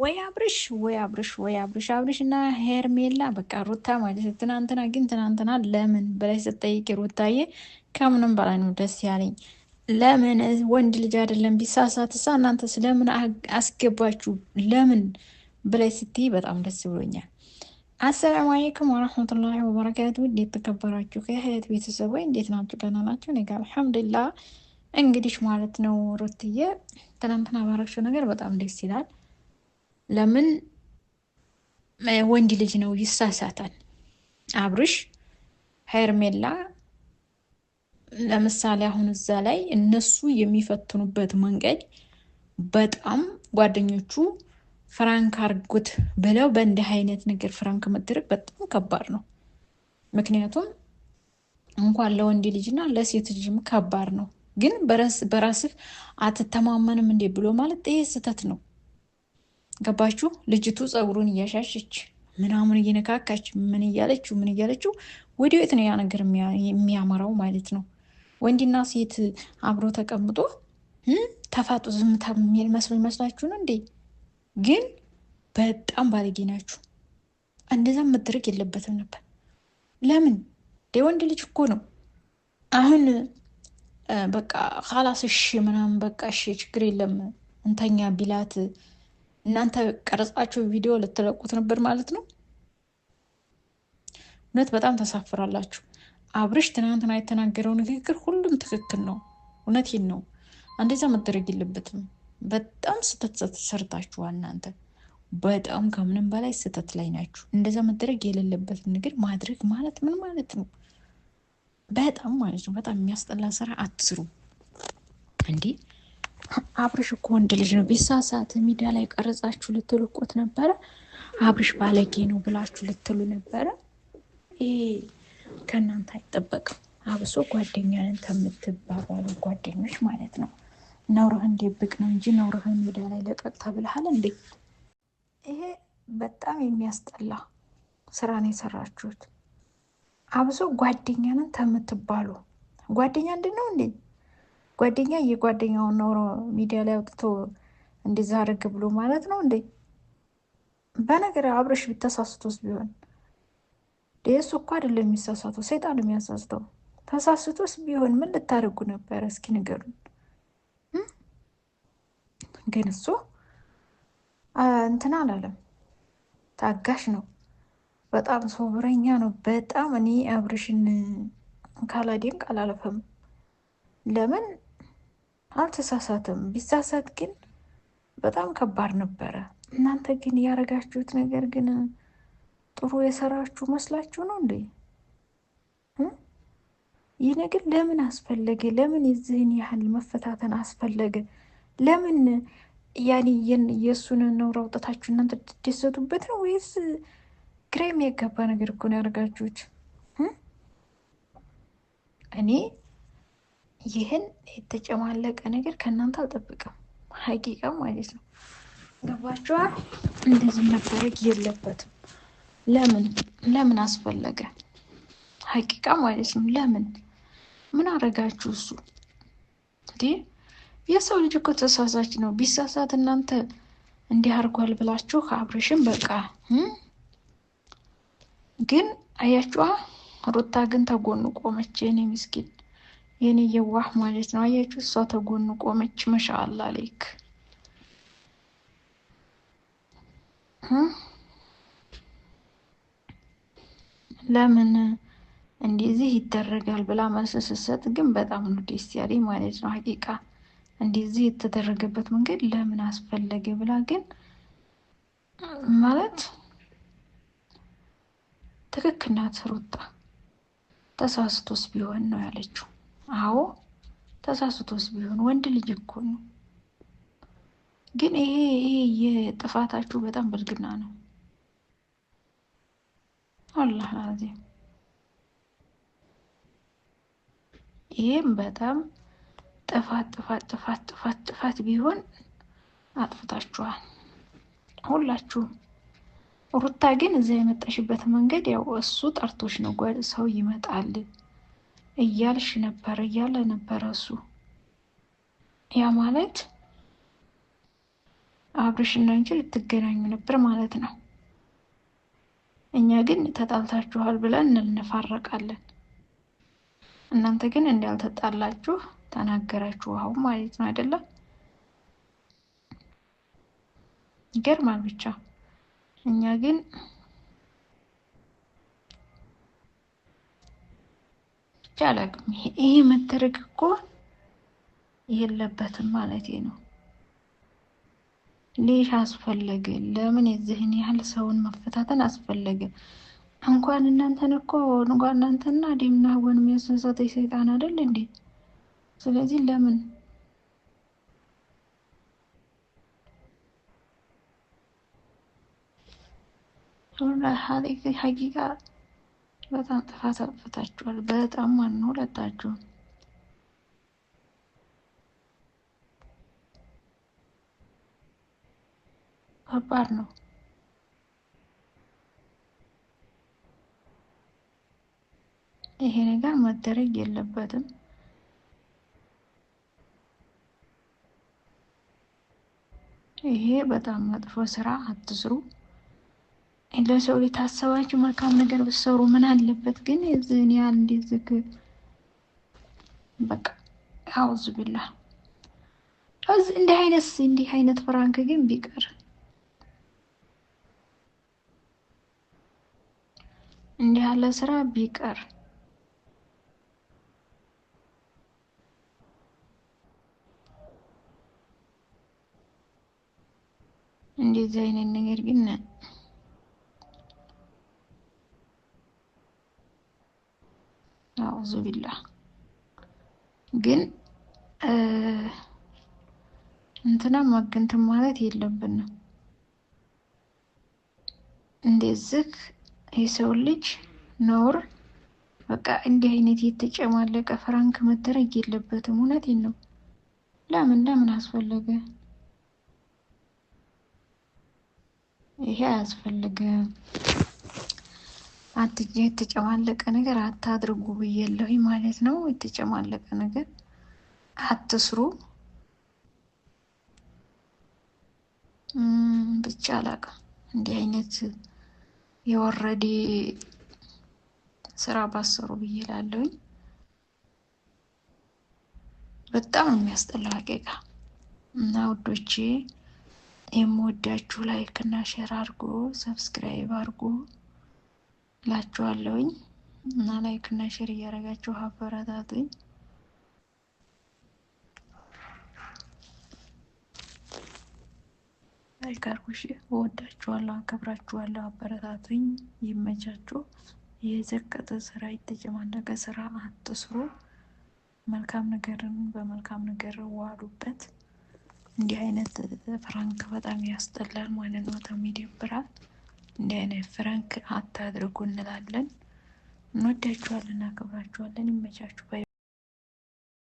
ወይ አብርሽ ወይ አብርሽ ወይ አብርሽ አብርሽ እና ሄርሜላ በቃ ሩታ ማለት ትናንትና ግን ትናንትና ለምን በላይ ስጠይቅ ሩታዬ ከምንም በላይ ነው ደስ ያለኝ። ለምን ወንድ ልጅ አይደለም ቢሳሳትሳ እናንተ ስለምን አስገባችሁ ለምን ብላይ ስትይ በጣም ደስ ብሎኛል። አሰላሙ አለይኩም ወረሕመቱላሂ ወበረካቱ። እንዴት ተከበራችሁ ከህይወት ቤተሰብ ወይ እንዴት ናችሁ? ደህና ናችሁ? እኔ አልሐምዱሊላህ። እንግዲህ ማለት ነው ሩትዬ ትናንትና ባረግሽው ነገር በጣም ደስ ይላል። ለምን ወንድ ልጅ ነው ይሳሳታል። አብርሽ ሄርሜላ ለምሳሌ አሁን እዛ ላይ እነሱ የሚፈትኑበት መንገድ በጣም ጓደኞቹ ፍራንክ አርጉት ብለው በእንዲህ አይነት ነገር ፍራንክ መደረግ በጣም ከባድ ነው። ምክንያቱም እንኳን ለወንድ ልጅና ለሴት ልጅም ከባድ ነው። ግን በራስህ አትተማመንም እንዴ ብሎ ማለት ይሄ ስህተት ነው። ገባችሁ? ልጅቱ ፀጉሩን እያሻሸች ምናምን እየነካካች ምን እያለችው ምን እያለችው ወደ ቤት ነው ያ ነገር የሚያመራው ማለት ነው። ወንድና ሴት አብሮ ተቀምጦ ተፋጡ ዝምታ የሚል መስሎ ይመስላችሁን እንዴ? ግን በጣም ባለጌ ናችሁ። እንደዛ መደረግ የለበትም ነበር። ለምን ወንድ ልጅ እኮ ነው አሁን በቃ ካላስ እሺ ምናምን በቃ እሺ ችግር የለም እንተኛ ቢላት እናንተ ቀረጻችሁ ቪዲዮ ልትለቁት ነበር ማለት ነው። እውነት በጣም ተሳፍራላችሁ። አብርሽ ትናንትና የተናገረው ንግግር ሁሉም ትክክል ነው። እውነቴን ነው። እንደዛ መደረግ የለበትም። በጣም ስህተት ሰርታችኋል እናንተ በጣም ከምንም በላይ ስህተት ላይ ናችሁ። እንደዛ መደረግ የሌለበትን ነገር ማድረግ ማለት ምን ማለት ነው? በጣም ማለት ነው። በጣም የሚያስጠላ ስራ አትስሩ እንዲህ አብርሽ እኮ ወንድ ልጅ ነው። ቢሳሳት ሚዲያ ላይ ቀረጻችሁ ልትልቁት ነበረ። አብርሽ ባለጌ ነው ብላችሁ ልትሉ ነበረ። ይሄ ከእናንተ አይጠበቅም። አብሶ ጓደኛንን ከምትባባሉ ጓደኞች ማለት ነው። ነውረህ እንደብቅ ነው እንጂ ነውረህ ሚዲያ ላይ ለቀቅ ተብልሃል እንዴ? ይሄ በጣም የሚያስጠላ ስራ ነው የሰራችሁት። አብሶ ጓደኛንን ከምትባሉ ጓደኛ እንድነው እንዴ? ጓደኛ የጓደኛውን ኖሮ ሚዲያ ላይ አውጥቶ እንደዛ ብሎ ማለት ነው እንዴ? በነገር አብረሽ ቢተሳስቶስ ቢሆን እሱ እኮ አይደለም የሚሳሳተው፣ ሰይጣን የሚያሳስተው። ተሳስቶስ ቢሆን ምን ልታደርጉ ነበረ? እስኪ ንገሩን። ግን እሱ እንትን አላለም። ታጋሽ ነው፣ በጣም ሶብረኛ ነው። በጣም እኔ አብርሽን ካላዴን ቃል አላለፈም። ለምን አልተሳሳትም። ቢሳሳት ግን በጣም ከባድ ነበረ። እናንተ ግን ያረጋችሁት ነገር ግን ጥሩ የሰራችሁ መስላችሁ ነው እንዴ? ይህ ነገር ለምን አስፈለገ? ለምን የዚህን ያህል መፈታተን አስፈለገ? ለምን ያኔ የእሱን ነውር አውጥታችሁ እናንተ ትደሰቱበት ነው ወይስ? ግራ የሚያጋባ ነገር እኮ ነው ያደርጋችሁት። እኔ ይህን የተጨማለቀ ነገር ከእናንተ አልጠብቅም። ሀቂቃ ማለት ነው። ገባችኋል? እንደዚህ መታረግ የለበትም። ለምን ለምን አስፈለገ? ሀቂቃ ማለት ነው። ለምን ምን አረጋችሁ? እሱ የሰው ልጅ እኮ ተሳሳች ነው። ቢሳሳት እናንተ እንዲህ አድርጓል ብላችሁ ከአብሬሽን በቃ ግን አያችኋ፣ ሩታ ግን ተጎኑ ቆመች። የኔ ምስኪን የኔ የዋህ ማለት ነው። አያችሁ፣ እሷ ተጎኑ ቆመች። መሻአላ ሌክ ለምን እንደዚህ ይደረጋል ብላ መልስ ስትሰጥ ግን በጣም ነው ደስ ያለኝ ማለት ነው። ሀቂቃ እንደዚህ የተደረገበት መንገድ ለምን አስፈለገ ብላ ግን ማለት ትክክል ናት ተሳስቶስ ቢሆን ነው ያለችው። አዎ ተሳስቶስ ቢሆን ወንድ ልጅ እኮ ነው። ግን ይሄ ይሄ የጥፋታችሁ በጣም ብልግና ነው። አላህ አዚም ይሄም በጣም ጥፋት ጥፋት ጥፋት ጥፋት ጥፋት ቢሆን አጥፍታችኋል ሁላችሁም። ሩታ ግን እዛ የመጣሽበት መንገድ ያው እሱ ጠርቶች ነው፣ ሰው ይመጣል እያልሽ ነበር እያለ ነበረ እሱ። ያ ማለት አብርሽና እንጂ ልትገናኙ ነበር ማለት ነው። እኛ ግን ተጣልታችኋል ብለን እንፋረቃለን። እናንተ ግን እንዳልተጣላችሁ ተናገራችሁ አሁን ማለት ነው አይደለም? ይገርማል ብቻ እኛ ግን አላውቅም። ይሄ መደረግ እኮ የለበትም ማለት ነው። ሌሽ አስፈለገ? ለምን የዚህን ያህል ሰውን መፈታተን አስፈለገ? እንኳን እናንተን እኮ እንኳን እናንተና ዲምና ወን የሚያስነሳት ሰይጣን አይደል እንዴ? ስለዚህ ለምን ሀቂቃ በጣም ጥፋት አጥፍታችኋል። በጣም ማን ነው ሁለታችሁ ከባድ ነው። ይሄ ነገር መደረግ የለበትም። ይሄ በጣም መጥፎ ስራ አትስሩ። ለሰው ልጅ ታሰባችሁ መልካም ነገር ብትሰሩ ምን አለበት? ግን እዚህን ያህል እንደዚህ በቃ አውዝ ብላ እንዲህ አይነት እንዲህ አይነት ፍራንክ ግን ቢቀር እንዲህ ያለ ስራ ቢቀር እንደዚህ አይነት ነገር ግን አውዙ ቢላ ግን እንትና ማግንትን ማለት የለብንም። እንደዚህ የሰው ልጅ ነውር በቃ እንዲህ አይነት የተጨማለቀ ፍራንክ መደረግ የለበትም። እውነቴን ነው። ለምን ለምን አስፈለገ? ይሄ አያስፈልግም። አትጄ የተጨማለቀ ነገር አታድርጉ ብዬለሁ ማለት ነው። የተጨማለቀ ነገር አትስሩ ብቻ አላውቅም። እንዲህ አይነት የወረዴ ስራ ባሰሩ ብዬ እላለሁኝ። በጣም የሚያስጠላ ሀቂቃ እና ውዶቼ የምወዳችሁ ላይክ እና ሼር አድርጎ ሰብስክራይብ አድርጎ ላችኋለሁኝ እና ላይክ እና ሼር እያደረጋችሁ አበረታቱኝ። ላይክ አርጉሽ። እወዳችኋለሁ፣ አከብራችኋለሁ። አበረታቱኝ። ይመቻችሁ። የዘቀጠ ስራ፣ የተጨማለቀ ስራ አትስሩ። መልካም ነገርን በመልካም ነገር ዋሉበት። እንዲህ አይነት ፍራንክ በጣም ያስጠላል ማለት ነው። በጣም ይደብራል። እንዲህ አይነት ፍራንክ አታድርጉ እንላለን። እንወዳችኋለን፣ እናከብራችኋለን። ይመቻችሁ።